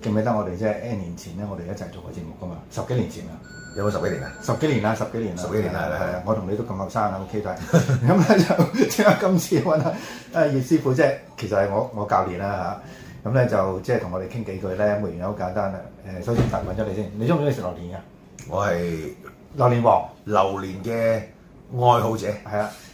記唔記得我哋即係，N 年前咧，我哋一齊做個節目噶嘛，十幾年前啦。有冇十幾年啊？十幾年啦，十幾年啦，十幾年啦。係 啊，我同你都咁後生啊，O K 就係。咁咧就即係今次揾阿阿葉師傅啫。其實係我我教練啦，啊、嚇。咁、啊、咧就即係同我哋傾幾句咧，沒原因好簡單啦。誒、啊，首先問問咗你先，你中唔中意食榴蓮㗎？我係榴蓮王，榴蓮嘅愛好者。係啊。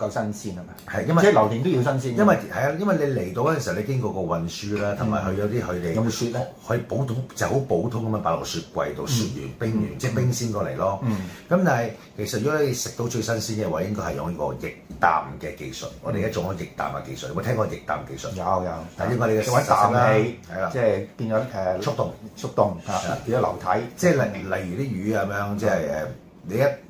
夠新鮮係嘛？係，因為即係榴蓮都要新鮮。因為係啊，因為你嚟到嗰陣時候，你經過個運輸啦，同埋去咗啲佢哋用雪咧，以普通就好普通咁樣擺落雪櫃度，雪完冰完即係冰鮮過嚟咯。咁但係其實如果你食到最新鮮嘅話，應該係用呢個液氮嘅技術。我哋而家做咗液氮嘅技術，有冇聽過液氮技術？有有。但係因為你嘅做緊氮氣，係啦，即係變咗誒速凍，速凍變咗流體，即係例例如啲魚咁樣，即係誒你一。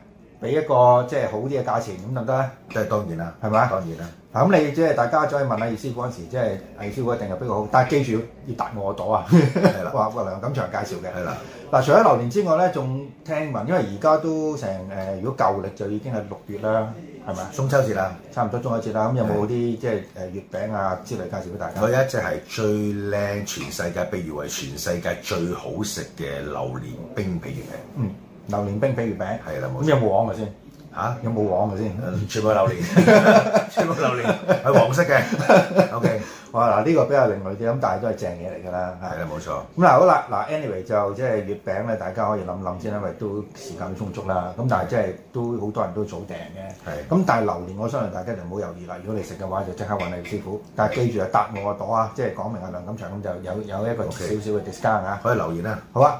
俾一個即係好啲嘅價錢咁得唔得？即係當然啦，係咪吧啊？當然啦。嗱咁你即係大家再問下葉師傅嗰陣時，即係葉師傅一定係比較好。但係記住要搭我朵啊！係啦，哇哇梁錦祥介紹嘅。係啦。嗱，除咗榴蓮之外咧，仲聽聞，因為而家都成誒、呃，如果舊歷就已經係六月啦，係咪中秋節啦，差唔多中秋節啦。咁的有冇啲即係誒、呃、月餅啊之類介紹俾大家？佢一隻係最靚，全世界，被譽為全世界最好食嘅榴蓮冰皮月餅。嗯。榴蓮冰皮月餅係啦，咁有冇黃嘅先？嚇，有冇黃嘅先？全部係榴蓮，全部榴蓮係黃色嘅。OK，哇嗱，呢個比較另類啲，咁但係都係正嘢嚟㗎啦。係啦，冇錯。咁嗱，好啦，嗱，anyway 就即係月餅咧，大家可以諗諗先，因為都時間充足啦。咁但係即係都好多人都早訂嘅。係。咁但係榴蓮，我相信大家就唔好猶豫啦。如果你食嘅話，就即刻揾你師傅。但係記住啊，搭我個朵啊，即係講明阿梁錦祥咁就有有一個少少嘅 discount 啊。可以留言啊，好啊。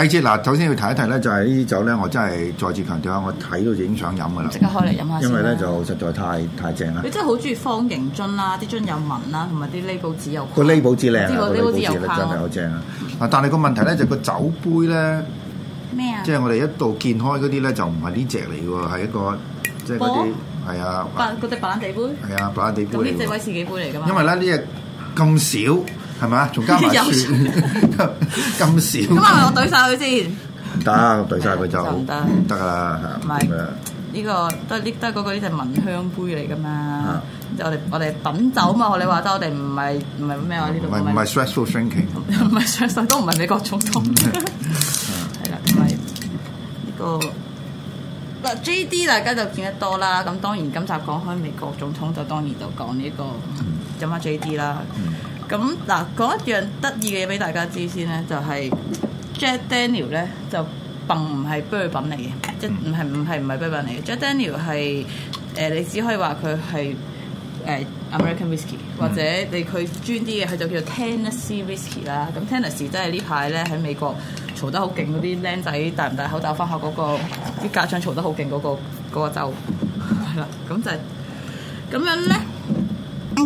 第一節嗱，首先要提一提咧，就係呢啲酒咧，我真係再次強調，我睇到已經想飲噶啦。即刻開嚟飲下。因為咧就實在太太正啦。你真係好中意方形樽啦，啲樽有紋啦，同埋啲 label 紙有。個 label 紙靚啊！啲 label 紙真係好正啊！但係個問題咧就個酒杯咧，咩啊？即係我哋一度見開嗰啲咧就唔係呢隻嚟喎，係一個即係嗰啲係啊嗰隻白蘭地杯。係啊，白蘭地杯。呢隻係威士忌杯嚟㗎嘛。因為咧呢隻咁少。係咪啊？仲加埋樽咁少，咁啊！我兌晒佢先，唔得，兌晒佢就唔得啦。唔係，呢個都係啲都係嗰個呢隻聞香杯嚟噶嘛？就我哋我哋品酒嘛，我你話齋，我哋唔係唔係咩話呢度唔係唔係 stressful drinking，唔係 stress 都唔係美國總統，係啦，唔係呢個嗱，JD 大家就見得多啦。咁當然今集講開美國總統，就當然就講呢一個飲下 JD 啦。咁嗱，講一樣得意嘅嘢俾大家知先咧，就係 Jack Daniel 咧就並唔係 bourbon 嚟嘅，即係唔係唔係唔係 bourbon 嚟嘅，Jack Daniel 係誒你只可以話佢係誒 American whisky 或者你佢，嗯、專啲嘅，佢就叫做 Tennessee whisky 啦。咁 Tennessee 即係呢排咧喺美國嘈得好勁嗰啲僆仔戴唔戴口罩翻學嗰個，啲、嗰個，家長嘈得好勁嗰個嗰，嗰個 就係啦。咁就係咁樣咧。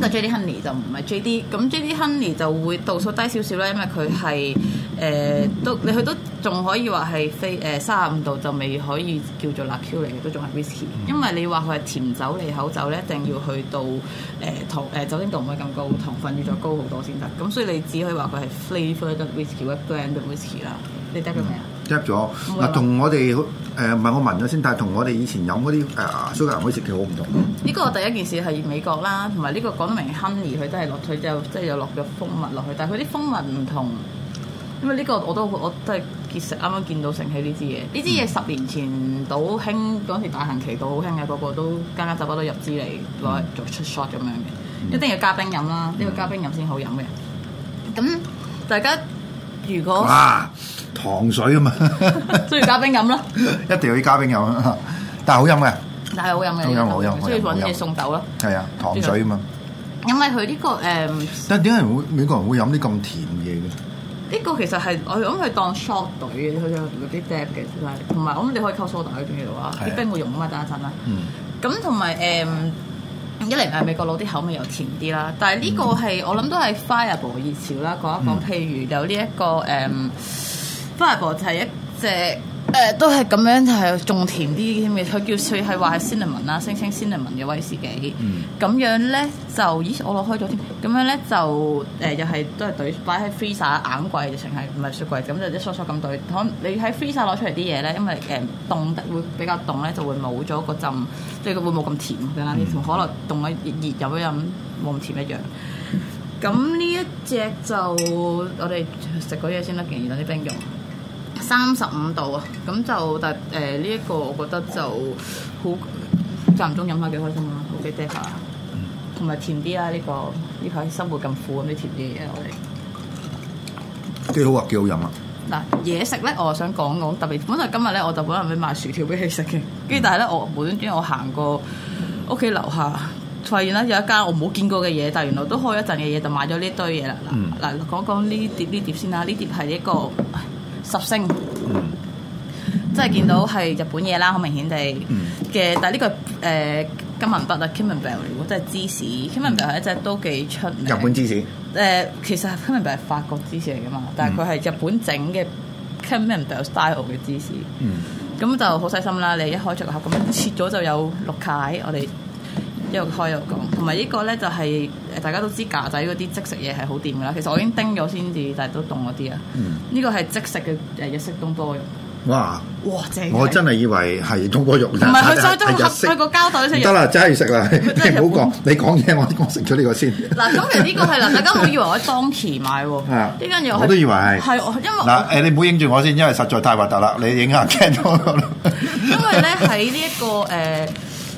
J.D.Honey 就唔係 J.D. 咁 J.D.Honey 就會度數低少少啦，因為佢係誒都你去都仲可以話係飛誒三十五度就未可以叫做辣 Q 嚟嘅，都仲係 whisky。因為你話佢係甜酒嚟，口酒咧，一定要去到誒、呃、糖誒、呃、酒精度唔會咁高，糖分要再高好多先得。咁所以你只可以話佢係 flavour 嘅 whisky，或者 brand 嘅 whisky 啦、mm。Hmm. 你得咗未啊？Mm hmm. 執咗嗱，同會我哋誒唔係我問咗先，但係同我哋以前飲嗰啲誒蘇格蘭威士忌好唔同。呢、嗯這個第一件事係美國啦，同埋呢個講得明，Honey 佢都係落，佢就即係又落咗蜂蜜落去，但係佢啲蜂蜜唔同，因為呢個我都我都係見食，啱啱見到盛起呢支嘢，呢支嘢十年前倒興，嗰時大行其道好興嘅，個個都間間酒屋都入支嚟攞嚟做出 shot 咁樣嘅，嗯、一定要加冰飲啦，呢、嗯、個加冰飲先好飲嘅。咁大家。如果哇糖水啊嘛，中意加冰飲咯，一定要啲加冰飲，但係好飲嘅，但係好飲嘅，好飲好飲，中意揾嘢送酒咯，係啊糖水啊嘛，因為佢呢個誒，但係點解會美國人會飲啲咁甜嘢嘅？呢個其實係我諗佢當 shot 隊嘅，佢哋嗰啲 tap 嘅，同埋我諗你可以溝 soda 喺邊度啊？啲冰會溶啊嘛，等一陣啊，咁同埋誒。一嚟係美國佬啲口味又甜啲啦，但係呢個係、mm hmm. 我諗都係 Fireball 熱潮啦。講一講，譬如有呢、這、一個誒 Fireball 就係一隻。誒、呃、都係咁樣，係仲甜啲添嘅。佢叫説係話係 Cinnamon 啦，Cinnamon，聲稱 Cinnamon 嘅威士忌。咁、嗯、樣咧就咦，我攞開咗添。咁樣咧就誒又係都係對擺喺 freezer 硬櫃，成係唔係雪櫃咁就一梳梳咁對。可你喺 freezer 攞出嚟啲嘢咧，因為誒、呃、凍得會比較凍咧，就會冇咗嗰浸，即係佢會冇咁甜㗎啦啲。嗯、可能凍一熱飲一飲冇咁甜一樣。咁呢、嗯、一隻就 我哋食嗰嘢先啦，建議啲冰用。三十五度啊，咁就但誒呢一個我覺得就好，暫唔中飲下幾開心啊，好幾嗲下，同埋甜啲啦呢個，呢排生活咁苦咁，你甜啲嘢我哋幾好啊，幾好飲啊！嗱，嘢食咧，我想講講特別，本來今日咧，我就本來要買薯條俾佢食嘅，跟住但係咧，我無端端我行過屋企樓下，發現咧有一間我冇見過嘅嘢，但原來都開一陣嘅嘢，就買咗呢堆嘢、嗯、啦。嗱，嗱講講呢碟呢碟先啦，呢碟係一個。十勝，嗯、即係見到係日本嘢啦，好明顯地嘅，嗯。但係呢個誒、呃、金文畢啊 Camembert 即係芝士。Camembert 係一隻都幾出名，名日本芝士。誒、呃，其實 Camembert 係法國芝士嚟噶嘛，但係佢係日本整嘅 Camembert style 嘅芝士。咁、嗯嗯、就好細心啦，你一開出個盒咁切咗就有六塊，我哋。一路開一路講，同埋呢個咧就係大家都知架仔嗰啲即食嘢係好掂㗎啦。其實我已經叮咗先至，但係都凍咗啲啊。呢個係即食嘅日式東坡肉。哇！哇！正！我真係以為係東坡肉。唔係佢所以都黑，佢個膠袋都得啦，真係食啦，唔好講。你講嘢，我我食咗呢個先。嗱，咁其實呢個係嗱，大家好以為我喺 Donki 買喎。係。呢間嘢我都以為係。係我因為嗱誒，你唔好影住我先，因為實在太核突啦！你影下鏡咗因為咧喺呢一個誒。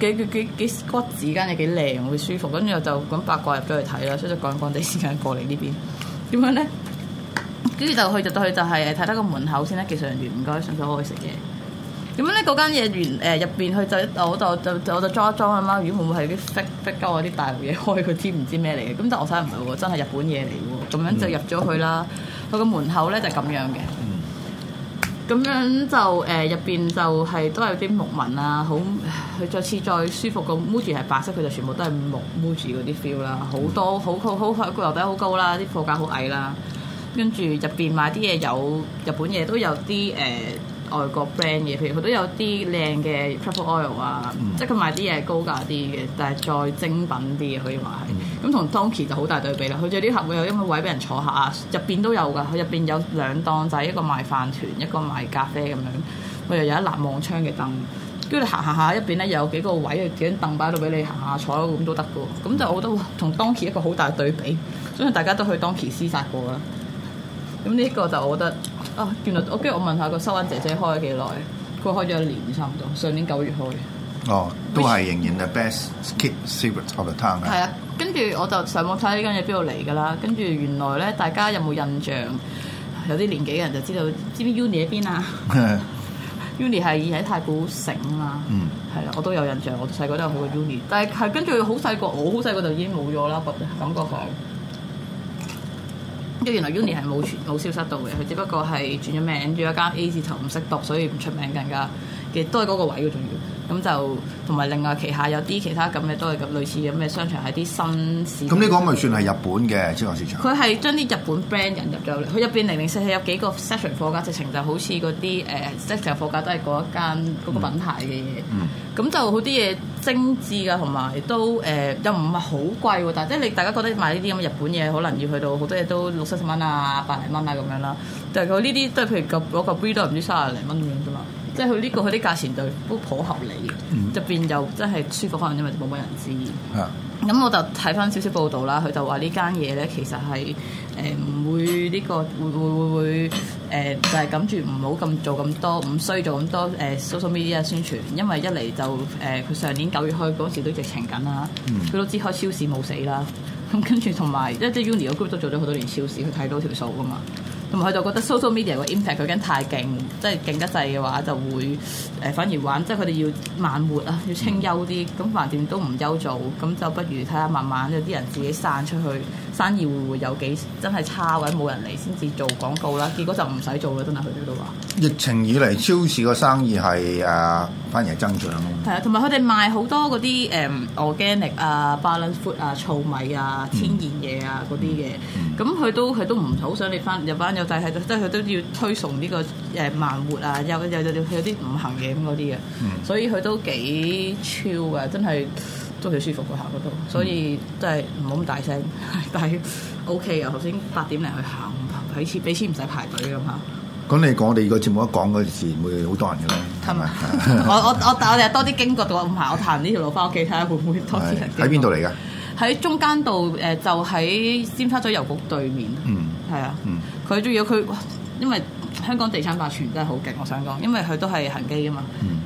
幾幾幾幾個紙間又幾靚，會舒服。跟住就咁八卦入咗去睇啦，所以就趕趕啲時間過嚟呢邊。點樣咧？跟住就去就去就係睇睇個門口先啦。技術人員唔該，上手我去食嘢。點樣咧？嗰間嘢完誒入邊去就我就就就我就裝一裝啦。如果唔會係啲飛飛鳩啊啲大陸嘢開佢知唔知咩嚟嘅？咁但我睇唔係喎，真係日本嘢嚟喎。咁樣就入咗去啦。佢個、嗯、門口咧就係咁樣嘅。咁樣就誒入邊就係、係、都有啲木紋啊，好佢再次再舒服個 Muji 係白色，佢就全部都係木 Muji 嗰啲 feel 啦，好多好高好佢個樓底好高啦，啲貨架好矮啦，跟住入邊買啲嘢有日本嘢都有啲誒。呃外國 brand 嘢，譬如佢都有啲靚嘅 truffle oil 啊，嗯、即係佢賣啲嘢係高價啲嘅，但係再精品啲嘅可以買。咁同、嗯、Donkey 就好大對比啦。佢最啲盒會有一個位俾人坐下，入邊都有㗎。佢入邊有兩檔仔，一個賣飯團，一個賣咖啡咁樣。佢又有一攔望窗嘅凳，跟住行行下，入邊咧有幾個位，幾張凳擺度俾你行下坐咁都得㗎。咁就我覺得同 Donkey 一個好大對比。所以大家都去 Donkey 廝殺過啦。咁呢個就我覺得。啊！原來我跟住我問下、個收銀姐姐開咗幾耐？佢開咗一年差唔多，上年九月開。哦，oh, 都係仍然係 best kid secret of the time、right? 嗯。係啊、嗯，跟住我就上網睇呢間嘢邊度嚟噶啦。跟住原來咧，大家有冇印象？有啲年紀嘅人就知道，知唔知 Uni 喺邊啊？Uni 係喺太古城啊。嗯，係啦，我都有印象，我細個都有去過 Uni，但係係跟住好細個，我好細個就已經冇咗啦，感覺上。即係原來 Uni 係冇冇消失到嘅，佢只不過係轉咗名，轉一間 A 字頭，唔識讀，所以唔出名更加嘅，都係嗰個位嘅仲、啊、要。咁就同埋另外旗下有啲其他咁嘅都係咁類似咁嘅商場喺啲新市。咁呢個咪算係日本嘅超級市場。佢係將啲日本 brand 引入咗嚟，佢入邊零零細細有幾個 section 貨架，直情就好似嗰啲誒 section 貨架都係嗰一間嗰個品牌嘅嘢。咁就好啲嘢精緻噶，同埋都誒又唔係好貴喎。但係即係你大家覺得買呢啲咁嘅日本嘢，可能要去到好多嘢都六七十蚊啊、百零蚊啊咁樣啦。但係佢呢啲都係譬如攪攪杯都係唔知三廿零蚊咁樣啫嘛。即係佢呢個佢啲價錢就都頗合理。入邊、嗯、又真係舒服，可能因為冇乜人知。咁、啊、我就睇翻少少報道啦，佢就話呢間嘢咧其實係誒唔會呢、呢個會會會會誒、呃、就係諗住唔好咁做咁多，唔需要做咁多誒、呃、social media 宣傳，因為一嚟就誒佢、呃、上年九月開嗰時都疫情緊啦，佢、嗯、都知開超市冇死啦。咁、嗯、跟住同埋即係 Unilever Group 都做咗好多年超市，佢睇到條數噶嘛。同埋佢就覺得 social media 個 impact 佢驚太勁，即係勁得滯嘅話就會誒反而玩，即係佢哋要慢活啊，要清幽啲。咁橫掂都唔憂做，咁就不如睇下慢慢有啲人自己散出去。生意會唔會有幾真係差或者冇人嚟先至做廣告啦？結果就唔使做啦，真係佢哋都話。疫情以嚟超市個生意係誒反而係增長咯。係啊，同埋佢哋賣好多嗰啲誒 organic 啊、balanced food 啊、糙米啊、天然嘢啊嗰啲嘢。咁佢都佢都唔好想你翻入翻入，但係都即係佢都要推崇呢個誒慢活啊，有有有有啲唔行嘢咁嗰啲嘅。所以佢都幾超啊，真係。都幾舒服個下嗰度，所以、嗯、真係唔好咁大聲，但係 O K 啊！頭先八點零去行唔排，俾錢俾錢唔使排隊噶嘛。咁你講我哋個節目一講嗰時，會好多人嘅啦。我我我我哋多啲經過到啊，唔排我行呢條路翻屋企睇下會唔會多啲人。喺邊度嚟噶？喺中間度誒，就喺尖沙咀郵局對面。嗯，係啊。嗯，佢仲要佢，因為。香港地產霸權真係好勁，我想講，因為佢都係恆基啊嘛，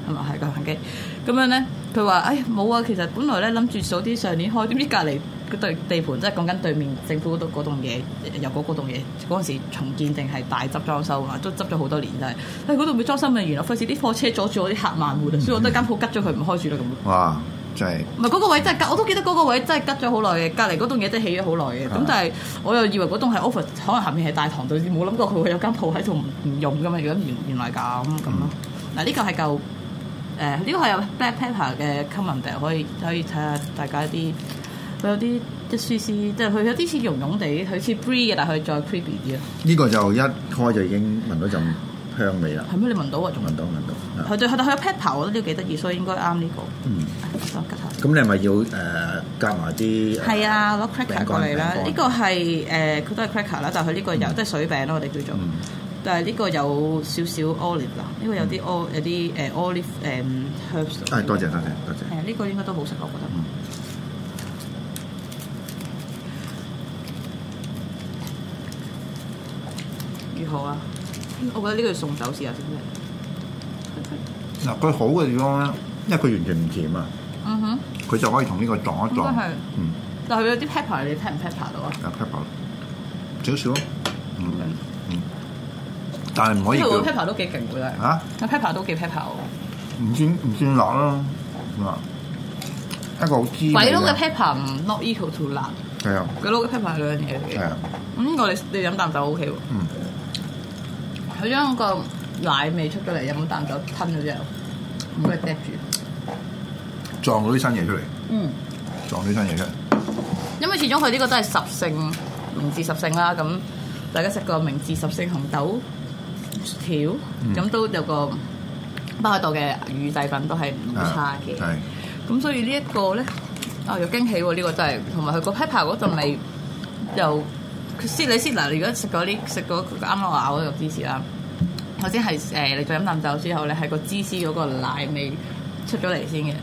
咁啊係個恆基。咁樣咧，佢話，哎，冇啊，其實本來咧諗住早啲上年開，點知隔離個對地盤，即係講緊對面政府嗰度嗰棟嘢，由嗰棟嘢嗰陣時重建定係大執裝修啊，都執咗好多年真係。哎、就是，嗰度咪裝修咪原啊，費事啲貨車阻住我啲客萬戶、嗯、所以我得間鋪吉咗佢唔開住啦咁。哇！唔係嗰個位真係，我都記得嗰個位真係隔咗好耐嘅，隔離嗰棟嘢真係起咗好耐嘅。咁的但係我又以為嗰棟係 office，可能下面係大堂度，冇諗過佢會有間鋪喺度唔用噶嘛。如果原原來咁咁咯。嗱呢、嗯啊呢個係嚿誒呢個係有 black pepper 嘅 cinnamon 可以可以睇下大家一啲佢有啲一絲絲，即係佢有啲似溶溶地，佢似 breath 嘅，融融 ree，但佢再 creepy 啲咯。呢個就一開就已經聞到陣。 香味啦，係咩？你聞到啊？仲聞到聞到。佢對佢對佢有 pepper，我覺得呢啲幾得意，所以應該啱呢個。嗯，吉塔。咁你係咪要誒夾埋啲？係啊，攞 cracker 過嚟啦。呢個係誒，佢都係 cracker 啦，但係呢個有即係水餅咯，我哋叫做。但係呢個有少少 olive 啦，呢個有啲 ol 有啲誒 olive 誒 herbs。係多謝多謝多謝。係啊，呢個應該都好食，我覺得。幾好啊！我覺得呢個送酒試下先啫。嗱，佢好嘅地方咧，因為佢完全唔甜啊。嗯哼。佢就可以同呢個撞一撞。嗯。但係佢有啲 paper 你聽唔 Pepper 到啊？paper，少少咯。嗯，但係唔可以。佢 paper 都幾勁喎，真係。嚇？個 paper 都幾 paper 喎。唔算唔算辣咯，係嘛？一個好知。鬼佬嘅 paper 唔 not equal to 辣。係啊。鬼佬嘅 paper 兩樣嘢嚟嘅。係啊。咁我哋你飲啖酒 OK 喎。嗯。佢將個奶味出咗嚟，有冇啖酒吞咗之後，唔該遮住，撞到啲新嘢出嚟。嗯，撞到啲新嘢出嚟。因為始終佢呢個都係十勝明治十勝啦，咁大家食過明治十勝紅豆條，咁都有個北海道嘅乳製品都係唔差嘅。係。咁所以呢一個咧，啊有驚喜喎！呢個真係，同埋佢嗰批泡嗰陣味又。佢先你先嗱，如果食嗰啲食嗰啱啱我咬嗰個芝士啦，首先係誒你再飲啖酒之後咧，係個芝士嗰個奶味出咗嚟先嘅，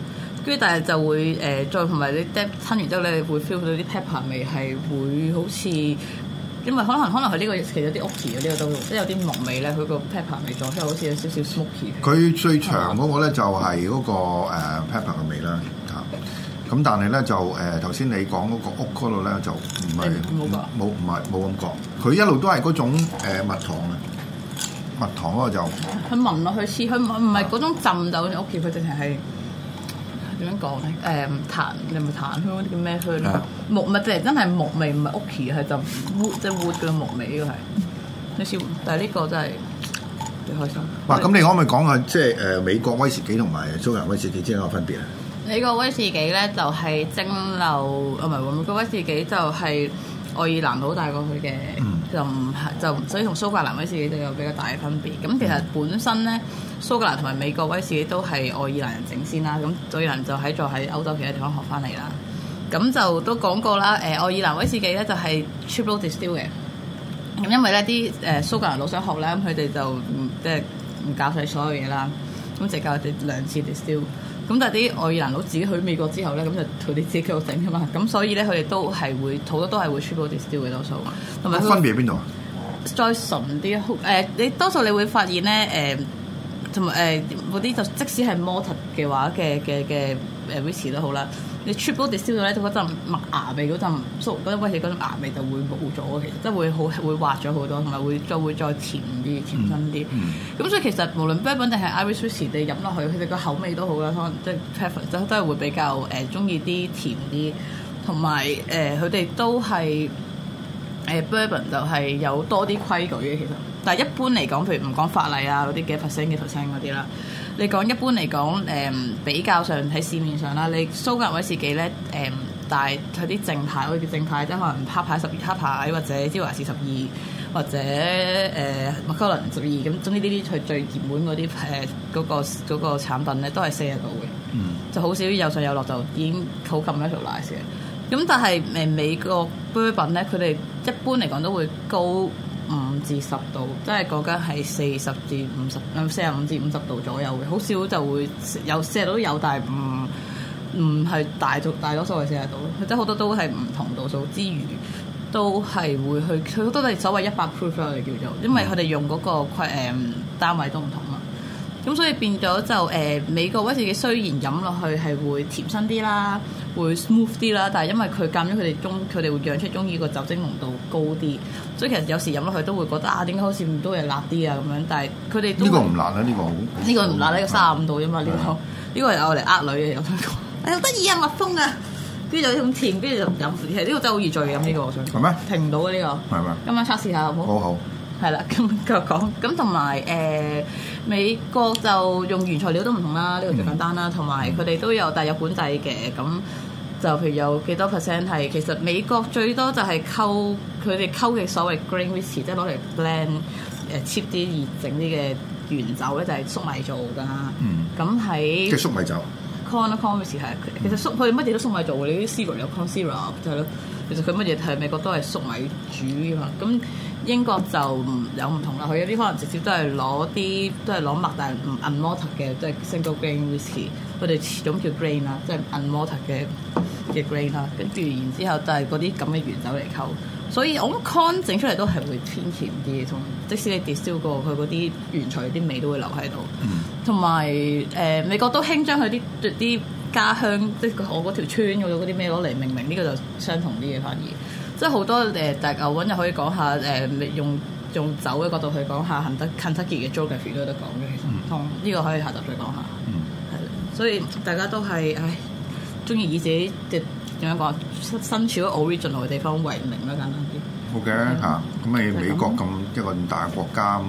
跟住但係就會誒、呃、再同埋你 tap 完之後咧，你會 feel 到啲 pepper 味係會好似，因為可能可能係、這、呢個其實啲屋企嗰啲都即係有啲濃、這個、味咧，佢個 pepper 味仲即好似有少少 smoky。佢最長嗰個咧、啊、就係嗰、那個、uh, pepper 嘅味啦。咁但係咧就誒，頭先你講嗰個屋嗰度咧就唔係冇冇，唔係冇咁講，佢、啊、一路都係嗰種蜜糖啊，蜜糖嗰個就佢聞落去似佢，唔唔係嗰種浸到你屋企，佢淨係係點樣講咧？誒，檀你咪檀香嗰啲叫咩香木，咪直情真係木味，唔係屋企係浸即係活嘅木味嘅係，好似但係呢個真係幾開心。哇！咁你可唔可以講下即係誒美國威士忌同埋蘇格蘭威士忌之間嘅分別啊？呢個威士忌咧就係、是、蒸餾，啊唔係，美國威士忌就係愛爾蘭佬帶過去嘅，就唔就所以同蘇格蘭威士忌都有比較大嘅分別。咁其實本身咧，蘇格蘭同埋美國威士忌都係愛爾蘭人整先啦。咁愛爾蘭就喺在喺歐洲其他地方學翻嚟啦。咁就都講過啦，誒愛爾蘭威士忌咧就係、是、triple distill 嘅。咁因為咧啲誒蘇格蘭佬想學咧，佢哋就唔即係唔搞晒所有嘢啦，咁就教佢哋兩次 distill。咁但係啲外國佬自己去美國之後咧，咁就佢哋自己喺度整噶嘛，咁所以咧佢哋都係會好多都係會全部都係 distilled 嘅多數，同埋分別喺邊度？再純啲，誒、呃、你多數你會發現咧，誒同埋誒嗰啲就即使係 motor 嘅話嘅嘅嘅誒 which 都好啦。你出部都消咗咧，就嗰陣麥芽味嗰陣、蘇嗰陣威士嗰陣芽味就會冇咗，其實即係會好會滑咗好多，同埋會再會再甜啲、甜真啲。咁、mm hmm. 所以其實無論 Bourbon 定係 Irish whiskey 你飲落去，佢哋個口味都好啦，可能即係 preference 即係會比較誒中意啲甜啲，同埋誒佢哋都係誒、呃、Bourbon 就係有多啲規矩嘅，其實。但係一般嚟講，譬如唔講法例啊，嗰啲幾 percent、幾 percent 嗰啲啦。你講一般嚟講，誒、嗯、比較上喺市面上啦，你蘇格蘭威士忌咧，誒、嗯、但係佢啲正牌，我叫正牌即可能黑牌十二，黑牌或者芝華士十二，或者誒麥克倫十二，咁、呃、總之呢啲係最熱門嗰啲誒嗰個嗰、那個、產品咧，都係四日到嘅，嗯、就好少有上有落就已經好 commercialize 嘅。咁但係誒美國 Bourbon 咧，佢哋一般嚟講都會高。五至十度，即係講緊係四十至五十，50，嗯四十五至五十度左右嘅，好少就會有四十度都有，但係唔唔係大眾大多數係四十度咯，即係好多都係唔同度數之餘都係會去佢好多係所謂一百 proof 我哋叫做，因為佢哋用個誒、呃、單位都唔同。咁所以變咗就誒、呃、美國威士忌雖然飲落去係會甜身啲啦，會 smooth 啲啦，但係因為佢減咗佢哋中佢哋會釀出中意個酒精濃度高啲，所以其實有時飲落去都會覺得啊點解好似唔都係辣啲啊咁樣，但係佢哋呢個唔辣啦、啊，呢、這個好呢個唔辣啦，三十五度啫嘛，呢個呢個係我嚟呃女嘅有得講，係好得意啊蜜蜂啊，跟住就咁甜，跟住就飲，呢、這個真係好易醉飲呢、這個，我想係咩？嗎停唔到啊呢、這個，係咪嗎？今晚測試下好唔好？好好。係啦，咁佢講，咁同埋誒美國就用原材料都唔同啦，呢、嗯、個最簡單啦，同埋佢哋都有大日本地嘅，咁就譬如有幾多 percent 係其實美國最多就係溝佢哋溝嘅所謂 grain whisky 即係攞嚟 blend 誒 cheap 啲熱整啲嘅原酒咧，就係、是、粟米做㗎。嗯。咁喺即係粟米酒。Corn corn whisky 係其實粟佢乜嘢都粟米做嘅，你啲 syrup 有 corn syrup 就係咯。其實佢乜嘢喺美國都係粟米煮嘅嘛。咁英國就唔有唔同啦，佢有啲可能直接都係攞啲都係攞麥，但係唔 un malt 嘅，即係 single grain whisky。佢哋始終叫 grain 啦，即係 un malt 嘅嘅 grain 啦。跟住然之後就係嗰啲咁嘅原酒嚟溝。所以我覺得 con 整出嚟都係會偏甜啲，同即使你跌燒過，佢嗰啲原材啲味都會留喺度。同埋誒，美國都興將佢啲啲家鄉，即係我嗰條村嗰啲咩攞嚟命名呢，這個就相同啲嘢。反而即係好多誒，呃，大家揾又可以講下誒，呃，用用酒嘅角度去講下肯德肯德基嘅 geography 都有得講嘅。其實唔通，嗯，同呢個可以下集再講下。嗯，係啦，所以大家都係唉，中意以自己嘅。點樣講？身處於 original 嘅地方為名啦，簡單啲。好嘅，嚇！咁咪美國咁一個咁大嘅國家，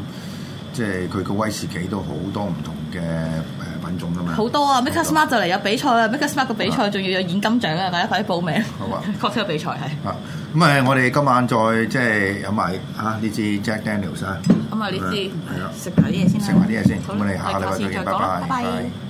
即係佢個威士忌都好多唔同嘅誒品種噶嘛。好多啊！Mega Smart 就嚟有比賽啦！Mega Smart 個比賽仲要有現金獎啊！大家快啲報名。好啊，國際比賽係。啊，咁誒，我哋今晚再即係飲埋嚇呢支 Jack Daniel 嘅。咁啊，呢支食埋啲嘢先，食埋啲嘢先。好，咁我哋下禮拜再講，拜拜。